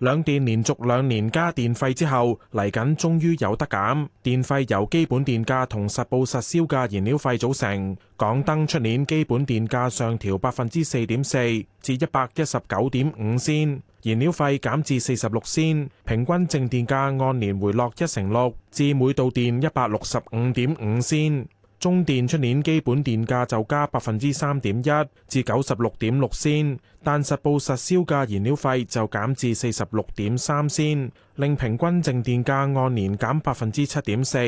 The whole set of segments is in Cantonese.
兩電連續兩年加電費之後，嚟緊終於有得減。電費由基本電價同實報實銷價燃料費組成。港燈出年基本電價上調百分之四點四，至一百一十九點五仙，燃料費減至四十六仙，平均淨電價按年回落一成六，至每度電一百六十五點五仙。中電出年基本電價就加百分之三點一至九十六點六仙，但實報實銷價燃料費就減至四十六點三仙，令平均淨電價按年減百分之七點四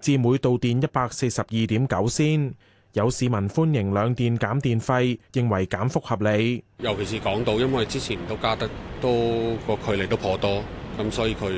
至每度電一百四十二點九仙。有市民歡迎兩電減電費，認為減幅合理。尤其是港島，因為之前都加得都個距離都頗多。咁所以佢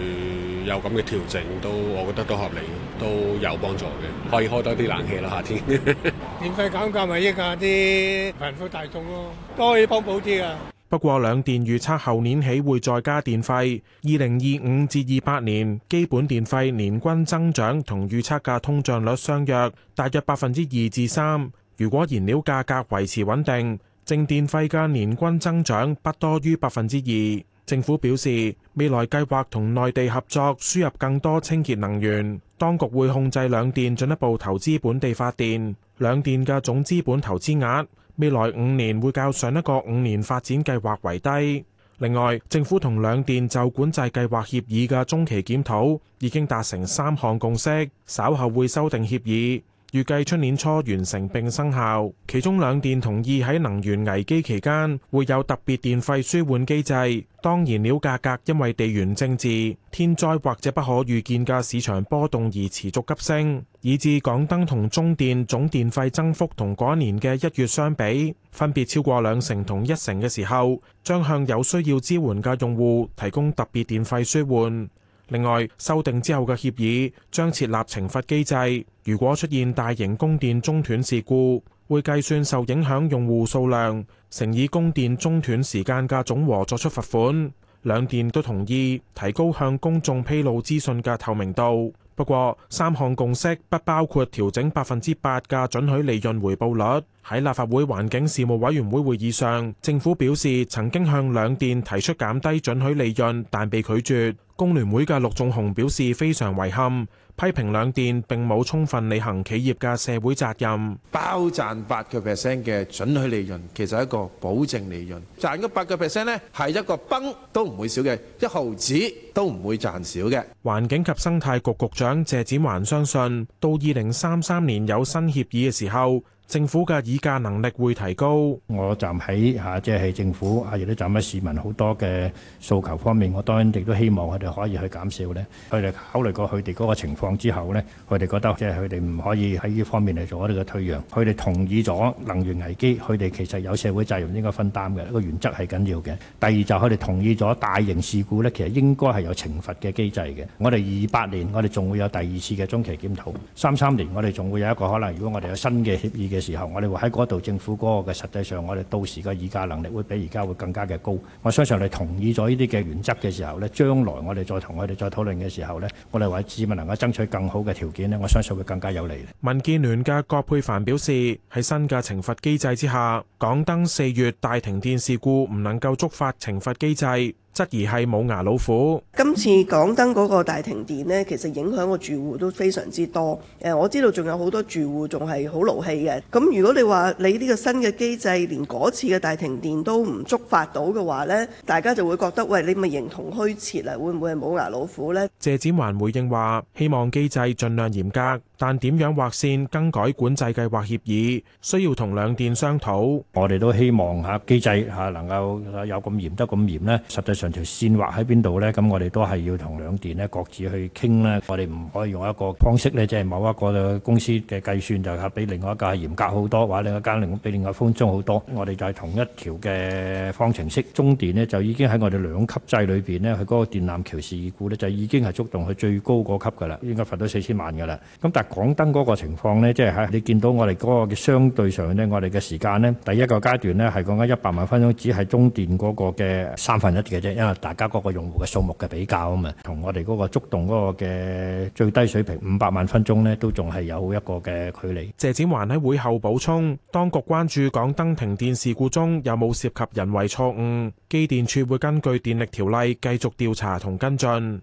有咁嘅調整，都我覺得都合理，都有幫助嘅，可以開多啲冷氣啦，夏天 電費減價咪益下啲貧富大眾咯，都可以幫補啲啊。不過，兩電預測後年起會再加電費。二零二五至二八年基本電費年均增長同預測嘅通脹率相約，大約百分之二至三。如果燃料價格維持穩定，淨電費嘅年均增長不多於百分之二。政府表示，未來計劃同內地合作輸入更多清潔能源，當局會控制兩電進一步投資本地發電，兩電嘅總資本投資額未來五年會較上一個五年發展計劃為低。另外，政府同兩電就管制計劃協議嘅中期檢討已經達成三項共識，稍後會修訂協議。預計出年初完成並生效，其中兩電同意喺能源危機期間會有特別電費紓緩機制。當燃料價格因為地緣政治、天災或者不可預見嘅市場波動而持續急升，以至港燈同中電總電費增幅同嗰一年嘅一月相比，分別超過兩成同一成嘅時候，將向有需要支援嘅用戶提供特別電費紓緩。另外，修訂之後嘅協議將設立懲罰機制，如果出現大型供電中斷事故，會計算受影響用戶數量，乘以供電中斷時間嘅總和作出罰款。兩電都同意提高向公眾披露資訊嘅透明度，不過三項共識不包括調整百分之八嘅准許利潤回報率。喺立法會環境事務委員會會議上，政府表示曾經向兩電提出減低准許利潤，但被拒絕。工聯會嘅陸仲雄表示非常遺憾，批評兩電並冇充分履行企業嘅社會責任。包賺八個 percent 嘅准許利潤，其實係一個保證利潤，賺咗八個 percent 呢，係一個崩都唔會少嘅，一毫子都唔會賺少嘅。環境及生態局局長謝展環相信，到二零三三年有新協議嘅時候。政府嘅議價能力會提高。我站喺嚇，即係政府啊，亦都站喺市民好多嘅訴求方面。我當然亦都希望佢哋可以去減少咧。佢哋考慮過佢哋嗰個情況之後咧，佢哋覺得即係佢哋唔可以喺呢方面嚟，做我哋嘅退讓，佢哋同意咗能源危機，佢哋其實有社會責任應該分擔嘅一個原則係緊要嘅。第二就佢哋同意咗大型事故咧，其實應該係有懲罰嘅機制嘅。我哋二八年，我哋仲會有第二次嘅中期檢討，三三年，我哋仲會有一個可能，如果我哋有新嘅協議嘅。時候我哋會喺嗰度政府嗰個嘅，實際上，我哋到時嘅議價能力會比而家會更加嘅高。我相信你同意咗呢啲嘅原則嘅時候咧，將來我哋再同我哋再討論嘅時候咧，我哋為市民能夠爭取更好嘅條件咧，我相信會更加有利。民建聯嘅葛珮帆表示，喺新嘅懲罰機制之下，港燈四月大停電事故唔能夠觸發懲罰機制。質疑係冇牙老虎。今次港燈嗰個大停電呢，其實影響個住戶都非常之多。誒，我知道仲有好多住戶仲係好勞氣嘅。咁如果你話你呢個新嘅機制連嗰次嘅大停電都唔觸發到嘅話呢，大家就會覺得喂，你咪形同虛設啊？會唔會係冇牙老虎呢？」謝展寰回應話：希望機制盡量嚴格。但點樣劃線更改管制計劃協議，需要同兩電商討。我哋都希望嚇機制嚇能夠有咁嚴得咁嚴呢。實際上條線劃喺邊度呢？咁我哋都係要同兩電咧各自去傾呢。我哋唔可以用一個方式呢，即係某一個公司嘅計算就係比另外一個嚴格好多，或者另一間令比另一方鬆好多。我哋就係同一條嘅方程式。中電呢，就已經喺我哋兩級制裏邊呢，佢嗰個電纜橋事故呢，就已經係觸動佢最高嗰級㗎啦，應該罰到四千萬㗎啦。咁但港燈嗰個情況呢，即係喺你見到我哋嗰個嘅相對上呢，我哋嘅時間呢，第一個階段呢，係講緊一百萬分鐘，只係中電嗰個嘅三分一嘅啫，因為大家嗰個用戶嘅數目嘅比較啊嘛，同我哋嗰個觸動嗰個嘅最低水平五百萬分鐘呢，都仲係有一個嘅距離。謝展寰喺會後補充，當局關注港燈停電事故中有冇涉及人為錯誤，機電署會根據電力條例繼續調查同跟進。